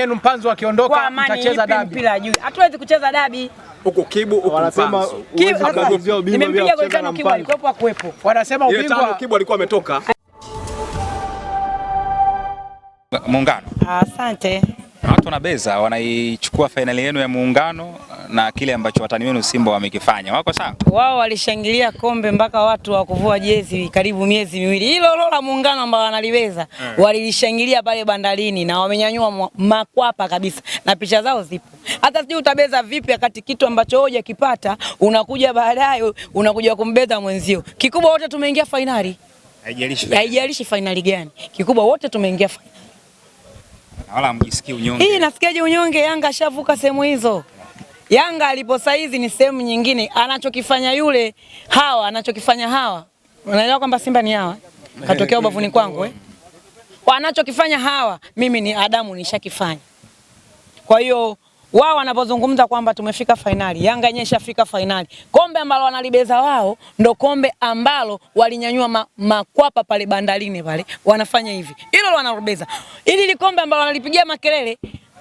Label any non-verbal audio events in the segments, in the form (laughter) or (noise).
yenu Mpanzu akiondoka mtacheza dabi. Mpira juu. Hatuwezi kucheza dabi. Huko Kibu huko wanasema nimempiga goli tano Kibu alikuwepo akuwepo. Wanasema ubingwa Kibu alikuwa ametoka. Muungano. Asante. Watu wanabeza wanaichukua fainali yenu ya Muungano na kile ambacho watani wenu Simba wamekifanya, wako sawa? Wao walishangilia kombe mpaka watu wakuvua jezi karibu miezi miwili. Hilo lolo la Muungano ambao wanaliweza hmm, walilishangilia pale bandarini na wamenyanyua makwapa kabisa, na picha zao zipo. Hata sijui utabeza vipi wakati kitu ambacho hoja kipata unakuja baadaye unakuja kumbeza mwenzio. Kikubwa wote tumeingia fainali, haijalishi fainali gani, kikubwa wote tumeingia fainali wala mjisikie unyonge. Hii nasikiaje unyonge? Yanga ashavuka sehemu hizo. Yanga alipo saizi ni sehemu nyingine, anachokifanya yule hawa, anachokifanya hawa, unaelewa kwamba Simba ni hawa, katokea ubavuni kwangu eh? Wanachokifanya hawa, mimi ni Adamu nishakifanya, kwa hiyo wao wanapozungumza kwamba tumefika fainali, Yanga yenyewe ishafika fainali. Kombe ambalo wanalibeza wao ndo kombe ambalo walinyanyua makwapa ma, pale bandarini pale, wanafanya hivi, hilo wanalibeza. Ili ni kombe ambalo wanalipigia makelele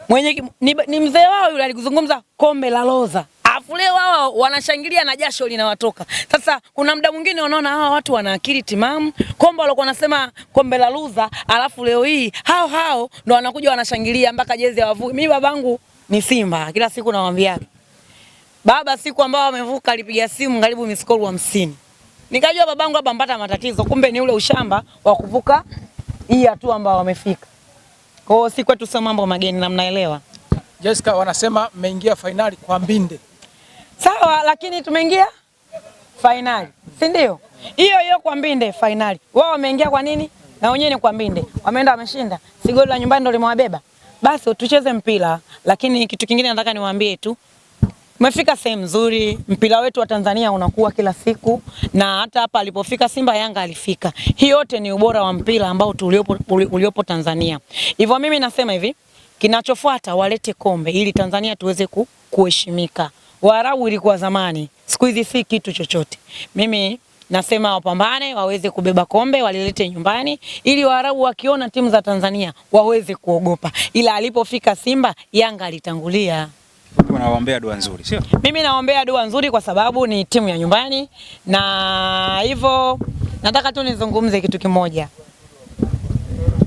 mwenye ni, ni mzee wao yule alizungumza kombe la Loza, afu leo wao wanashangilia na jasho linawatoka. Sasa kuna muda mwingine wanaona hawa watu wana akili timamu, kombe walikuwa wanasema kombe la Loza, alafu leo hii hao hao ndo wanakuja wanashangilia mpaka jezi ya wavuvi. Mimi babangu ni Simba. Kila siku nawaambia baba, siku ambao wamevuka alipiga simu karibu miskolu hamsini. Nikajua babangu hapa mpata matatizo, kumbe ni ule ushamba wa kuvuka hii hatua ambao wamefika. Kwa hiyo si kwetu, sio mambo mageni na mnaelewa. Jessica, wanasema mmeingia fainali kwa mbinde. Sawa, lakini tumeingia fainali, si ndio? Hiyo hiyo kwa mbinde fainali. Wao wameingia kwa nini? Na wenyewe ni kwa mbinde. Wameenda wameshinda. Si goli la nyumbani ndio limewabeba basi tucheze mpira. Lakini kitu kingine nataka niwaambie tu, umefika sehemu nzuri, mpira wetu wa Tanzania unakuwa kila siku, na hata hapa alipofika Simba Yanga alifika. Hii yote ni ubora wa mpira ambao tuliopo, uliopo Tanzania. Hivyo mimi nasema hivi, kinachofuata walete kombe ili Tanzania tuweze ku, kuheshimika. Waarabu ilikuwa zamani, siku hizi si kitu chochote. Mimi Nasema wapambane waweze kubeba kombe walilete nyumbani, ili Waarabu wakiona timu za Tanzania waweze kuogopa. Ila alipofika Simba, Yanga alitangulia. Nawaombea dua nzuri, sio? Mimi naombea dua nzuri kwa sababu ni timu ya nyumbani, na hivyo nataka tu nizungumze kitu kimoja,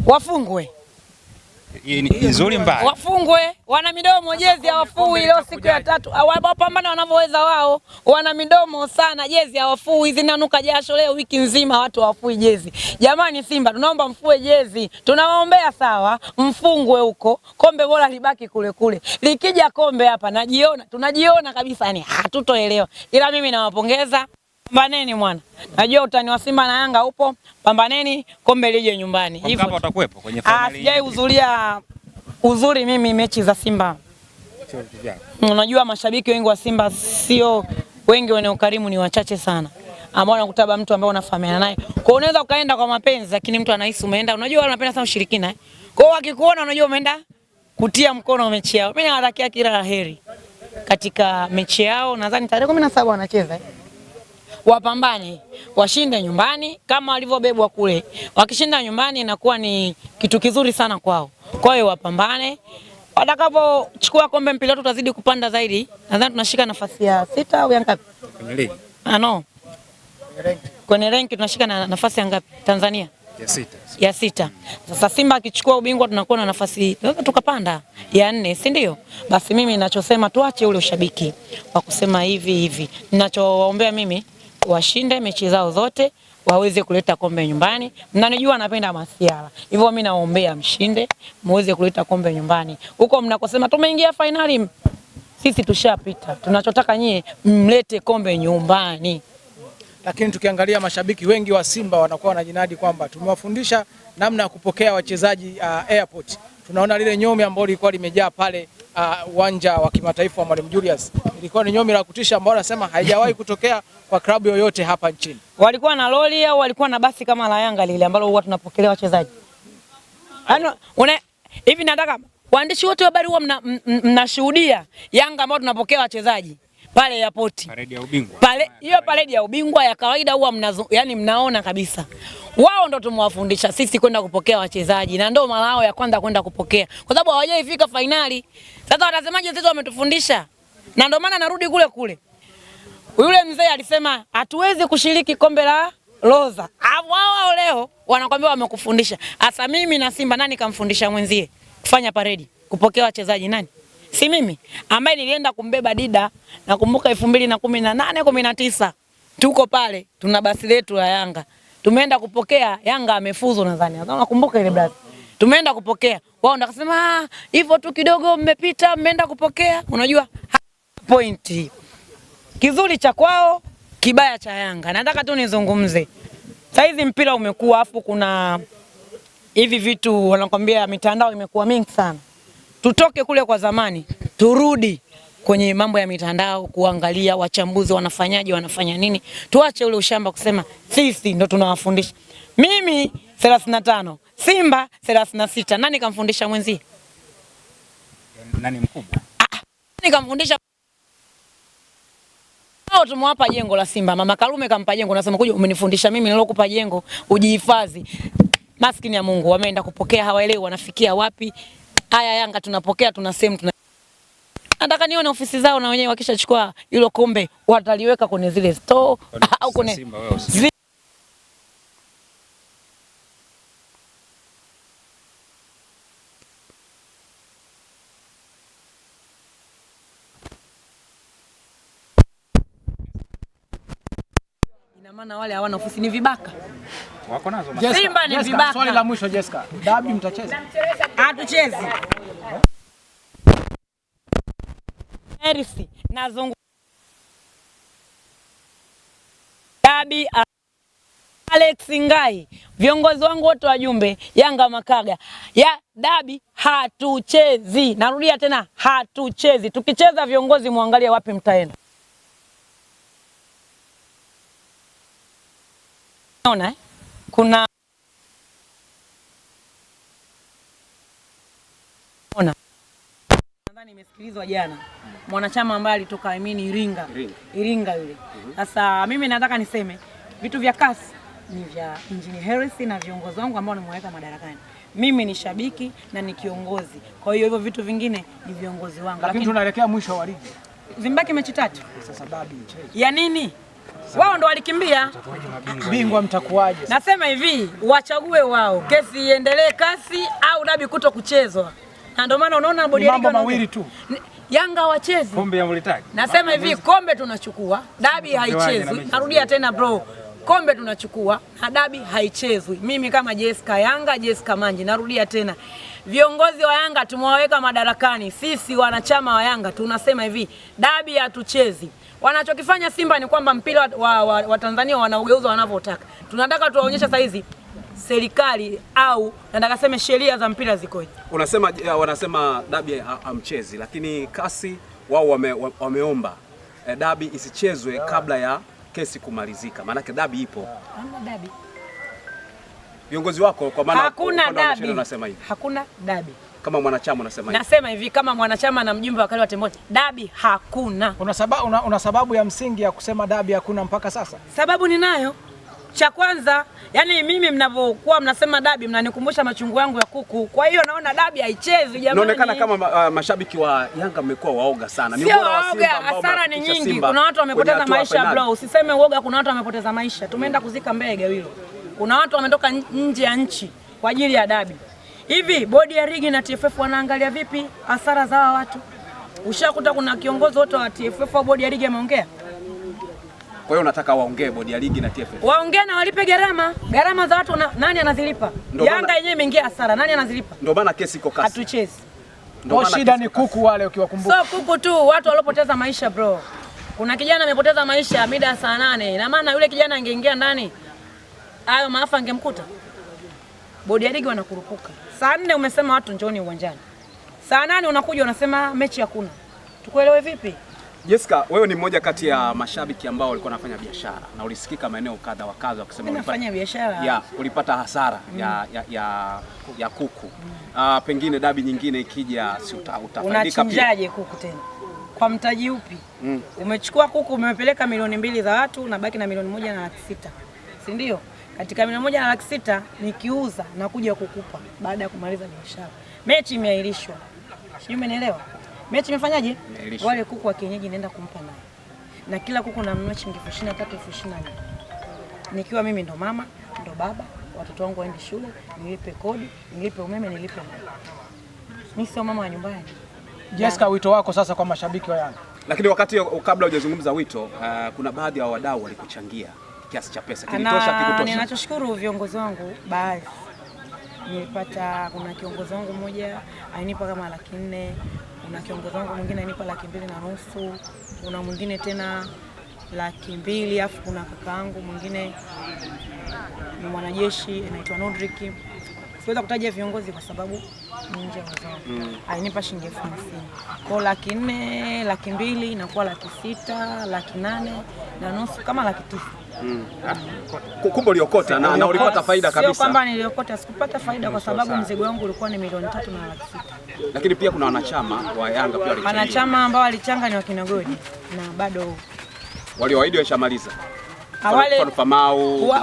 wafungwe nzuri mbaya, wafungwe. Wana midomo jezi hawafui. Leo siku ya tatu wapambana wanavyoweza wao, wana midomo sana, jezi hawafui, zinanuka jasho. Leo wiki nzima watu hawafui jezi. Jamani Simba, tunaomba mfue jezi, tunawaombea sawa, mfungwe huko, kombe bora libaki kule kule. Likija kombe hapa, najiona tunajiona kabisa, yani hatutoelewa, ila mimi nawapongeza. Pambaneni mwana, najua utani wa Simba na Yanga upo. Pambaneni, kombe lije nyumbani. Hivyo utakuepo kwenye ah, finali. Sijai hudhuria uzuri mimi mechi za Simba. Unajua mashabiki wengi wa Simba sio wengi, wenye ukarimu ni wachache sana, ambao unakutaba mtu ambaye unafahamiana naye. Kwa hiyo unaweza ukaenda kwa mapenzi, lakini mtu anahisi umeenda. Unajua wale wanapenda sana ushirikina eh. Kwa hiyo akikuona unajua umeenda kutia mkono mechi yao. Mimi nawatakia kila laheri katika mechi yao, nadhani tarehe 17 wanacheza eh wapambane, washinde nyumbani kama walivyobebwa kule. Wakishinda nyumbani inakuwa ni kitu kizuri sana kwao. Kwa hiyo wapambane, watakapochukua kombe mpira wetu tutazidi kupanda zaidi. Nadhani tunashika nafasi ya sita au ya ngapi kwenye ligi? Ah, no, kwenye ranki tunashika na nafasi ya ngapi Tanzania? Ya sita. Ya sita. Sasa Simba akichukua ubingwa tunakuwa na nafasi tukapanda ya nne, si ndio? Basi mimi ninachosema tuache ule ushabiki wa kusema hivi hivi. Ninachowaombea mimi washinde mechi zao zote, waweze kuleta kombe nyumbani. Mnanijua napenda masiala hivyo mimi naombea mshinde, muweze kuleta kombe nyumbani. Huko mnakosema tumeingia fainali, sisi tushapita. Tunachotaka nyie mlete kombe nyumbani. Lakini tukiangalia mashabiki wengi wa Simba wanakuwa wanajinadi kwamba tumewafundisha namna ya kupokea wachezaji uh, airport. Tunaona lile nyome ambalo lilikuwa limejaa pale uh, uwanja uh, wa kimataifa wa Mwalimu Julius ilikuwa ni nyomi la kutisha ambao nasema haijawahi kutokea kwa klabu yoyote hapa nchini. Walikuwa na loli au walikuwa na basi kama la Yanga lile ambalo huwa tunapokelea wachezaji yaani, una hivi? Nataka waandishi wote wa habari huwa mnashuhudia mna, Yanga ambao tunapokea wachezaji pale ya poti. paredi ya ubingwa pale, hiyo paredi ya ubingwa ya kawaida huwa mnazo, yani mnaona kabisa wao ndo tumewafundisha sisi kwenda kupokea wachezaji, na ndo mara yao ya kwanza kwenda kupokea, kwa sababu hawajaifika fainali. Sasa watasemaje sisi wametufundisha? na ndio maana narudi kule kule. Yule mzee alisema hatuwezi kushiriki kombe la Loza. Hao leo wanakwambia wamekufundisha. Asa mimi na Simba nani kamfundisha mwenzie kufanya paredi, kupokea wachezaji nani? Si mimi ambaye nilienda kumbeba Dida nakumbuka 2018 19. Tuko pale tuna basi letu la Yanga. Tumeenda kupokea Yanga amefuzu nadhani. nakumbuka ile brother? Tumeenda kupokea. Wao ndakasema ah, hivyo tu kidogo mmepita mmeenda kupokea. Unajua pointi, kizuri cha kwao, kibaya cha Yanga. Nataka tu nizungumze saizi, mpira umekuwa afu kuna hivi vitu wanakwambia, mitandao imekuwa mingi sana. Tutoke kule kwa zamani, turudi kwenye mambo ya mitandao kuangalia wachambuzi wanafanyaje, wanafanya nini. Tuache ule ushamba kusema sisi ndo tunawafundisha. Mimi 35 Simba 36 nani kamfundisha mwenzie? Nani mkubwa? Ah, nani kamfundisha? Leo tumewapa jengo la Simba. Mama Karume kampa jengo nasema kuja umenifundisha mimi nilokupa jengo ujihifadhi. Maskini ya Mungu wameenda kupokea hawaelewi wanafikia wapi. Haya Yanga tunapokea tuna sehemu tuna Nataka nione ofisi zao na wenyewe wakishachukua hilo kombe wataliweka kwenye zile store (laughs) au kwenye maana wale hawana ofisi, ni vibaka. Wako nazo. Simba ni vibaka. Swali la mwisho Jessica, dabi mtacheza? Hatuchezi. Erisi zungu. dabi uh, Alex Ngai, viongozi wangu wote wajumbe Yanga Makaga ya dabi, hatuchezi. Narudia tena, hatuchezi. Tukicheza viongozi, muangalie wapi mtaenda. Ona, eh? kuna ona, nadhani imesikilizwa jana, mwanachama ambaye alitoka I mean Iringa, Iringa yule. Mhm. Sasa mimi nataka niseme vitu vya kasi ni vya Injinia Hersi na viongozi wangu ambao nimeweka madarakani. Mimi ni shabiki na ni kiongozi, kwa hiyo hivyo vitu vingine ni viongozi wangu, lakini tunaelekea mwisho wa ligi, zimbaki mechi tatu. Sasa babu ya nini? wao ndo walikimbia. Bingwa mtakuwaje? Nasema hivi wachague wao, kesi iendelee kasi au dabi kuto kuchezwa, na ndio maana unaona bodi mambo mawili tu Yanga wachezi kombe ya mlitaki. Nasema hivi kombe tunachukua, dabi haichezwi. Narudia tena bro, kombe tunachukua na dabi haichezwi. Mimi kama Jessica Yanga, Jessica Manji, narudia tena Viongozi wa Yanga tumewaweka madarakani. Sisi wanachama wa Yanga tunasema hivi, dabi hatuchezi. Wanachokifanya Simba ni kwamba mpira wa, wa, wa Tanzania wanaugeuza wanavyotaka. Tunataka tuwaonyesha saa hizi serikali au nataka sema sheria za mpira zikoje. Unasema ya, eh, wanasema dabi hamchezi, lakini kasi wao wame, wameomba eh, dabi isichezwe kabla ya kesi kumalizika, maanake dabi ipo. Hamna dabi viongozi wako kwa maana hakuna dabi. Unasema hivi. Hakuna dabi. Kama mwanachama unasema hivi. Nasema hivi kama mwanachama na mjumbe wa kale wa Tembote, dabi hakuna. Una sababu, una, una sababu ya msingi ya kusema dabi hakuna mpaka sasa? Sababu ninayo. Cha kwanza, yani mimi mnavyokuwa mnasema dabi mnanikumbusha machungu yangu ya kuku. Kwa hiyo naona dabi haichezi jamani. Inaonekana kama uh, mashabiki wa Yanga mmekuwa waoga sana. Ni bora wa Simba. Hasara ni nyingi. Kuna watu wamepoteza maisha bro. Usiseme uoga, kuna watu wamepoteza maisha. Tumeenda kuzika mbega hilo kuna watu wametoka nje ya nchi kwa ajili ya dabi. Hivi bodi ya ligi na TFF wanaangalia vipi hasara za hawa watu? Ushakuta kuna kiongozi wote wa TFF au bodi ya ligi ameongea? Kwa hiyo unataka waongee bodi ya ligi na TFF. Waongee na walipe gharama. Gharama za watu na, nani anazilipa? Ndobana, Yanga yenyewe imeingia hasara. Nani anazilipa? Ndio maana kesi iko kasi. Hatuchezi. Ndio shida ni kuku wale ukiwakumbuka. So kuku tu watu waliopoteza maisha bro. Kuna kijana amepoteza maisha mida saa nane. Ina maana yule kijana angeingia ndani hayo maafa angemkuta? Bodi ya ligi wanakurupuka. Saa nne umesema watu njooni uwanjani, saa nane unakuja unasema mechi hakuna. Tukuelewe vipi? Jessica, wewe ni mmoja kati ya mashabiki ambao walikuwa wanafanya biashara na ulisikika maeneo kadha wa kadha wakisema unafanya biashara. Ya, ulipata hasara mm. ya, ya, ya, ya kuku mm. Uh, pengine dabi nyingine ikija si utafaidika pia. Unachinjaje kuku tena? Kwa mtaji upi? Mm. Umechukua kuku umepeleka milioni mbili za watu na baki na milioni moja na laki sita. Si ndio? katika milioni moja na laki sita nikiuza na kuja kukupa baada ya kumaliza biashara. Mechi imeahirishwa, sijui umenielewa. Mechi imefanyaje? Wale kuku wa kienyeji naenda kumpa naye, na kila kuku namnunua shilingi elfu ishirini na tatu elfu ishirini na nne nikiwa mimi ndo mama ndo baba, watoto wangu waende shule, nilipe kodi, nilipe umeme, nilipe mimi sio mama wa nyumbani. Jessica, wito wako sasa kwa mashabiki wa Yanga? Lakini wakati kabla hujazungumza wito, uh, kuna baadhi ya wadau walikuchangia kiasi cha pesa kilitosha? Ninachoshukuru viongozi wangu baadhi nilipata, kuna kiongozi wangu mmoja ainipa kama laki nne, kuna kiongozi wangu mwingine alinipa laki mbili na nusu, kuna mwingine tena laki mbili, afu kuna kakaangu mwingine ni mwanajeshi anaitwa Nodrick. Siweza kutaja viongozi kwa sababu ni nje mm. Alinipa shilingi elfu hamsini kwao, laki nne, laki mbili inakuwa laki sita, laki nane na nusu, kama laki tisa mm. Kumbe uliokota na, na ulikota faida kabisa? Sio kwamba niliokota, sikupata faida kwa sababu mzigo wangu ulikuwa ni milioni tatu na laki sita. Lakini pia kuna wanachama wa Yanga pia walichanga. Wanachama ambao walichanga ni Godi na bado walioahidi washamaliza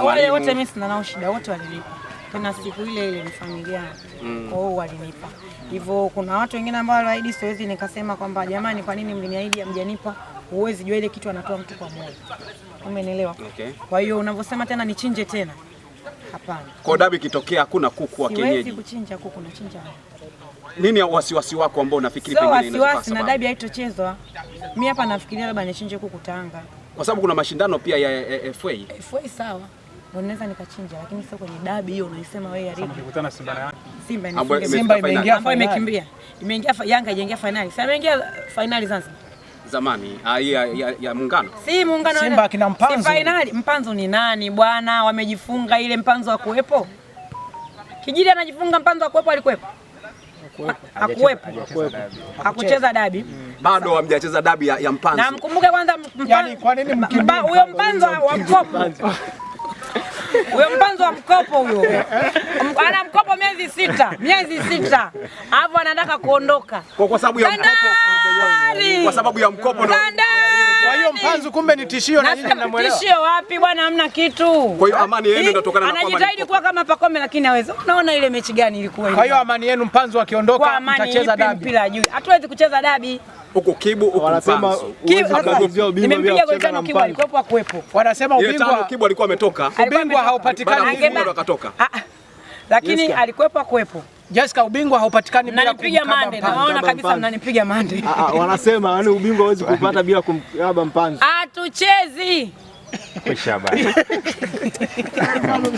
wale wote, mimi sina nao shida, wote walilipa tena siku ile ile ni familia mm. Kwa hiyo walinipa hivyo. Kuna watu wengine ambao waliahidi, siwezi nikasema kwamba jamani, kwa nini mliniahidi hamjanipa? Huwezi jua ile kitu anatoa mtu kwa moja, umenielewa? Okay. Kwa hiyo unavyosema tena nichinje tena, hapana. Kwa dabi kitokea, hakuna kuku wa kienyeji, siwezi kuchinja kuku, nachinja nini wasiwasi wako ambao unafikiri so, pengine inaweza wasiwasi na dabi haitochezwa? Mimi hapa nafikiria labda nichinje kuku Tanga, kwa sababu kuna mashindano pia ya FA. FA sawa ndo naweza nikachinja, lakini sio kwenye dabi hiyo unaisema wewe. Mkikutana Simba na Yanga, Simba imeingia ambayo imekimbia, imeingia Yanga ijaingia finali. sasa imeingia finali Zanzibar zamani ah, ya, ya, ya muungano si muungano, Simba kina mpanzo, si finali. Mpanzo ni nani bwana? Wamejifunga ile mpanzo wa akuwepo, kijili anajifunga mpanzo wa akuwepo, alikuwepo akuwepo, hakucheza dabi mm. bado hamjacheza dabi ya, ya mpanzo. Na mkumbuke kwanza, mpanzo, yaani kwa nini mkimbia huyo mpanzo wa mkopo huyo mpanzo wa mkopo huyo ana mkopo miezi sita, miezi sita, alafu anataka kuondoka kwa sababu ya mkopo, kwa sababu ya mkopo kwa hiyo mpanzu kumbe ni tishio na nyinyi mnamuelewa. Tishio wapi bwana, hamna kitu. Kwa hiyo amani yenu inatokana na kwamba anajitahidi kuwa kama Pakome lakini hawezi. Unaona ile mechi gani ilikuwa ile? Kwa hiyo amani yenu mpanzu akiondoka mtacheza dabi. Mpira juu. Hatuwezi kucheza dabi huko Kibu huko Mpanzu. Wanasema Kibu alikuwa ametoka. Ubingwa haupatikani akatoka. Ah, ah. Lakini alikuwepo akuwepo. Jessica, ubingwa haupatikani bila kumpiga mande. Naona kabisa mnanipiga mande. Ah, ah wanasema yani ubingwa huwezi kupata bila kumkaba Mpanzu. Hatuchezi. Kesha bana. (laughs)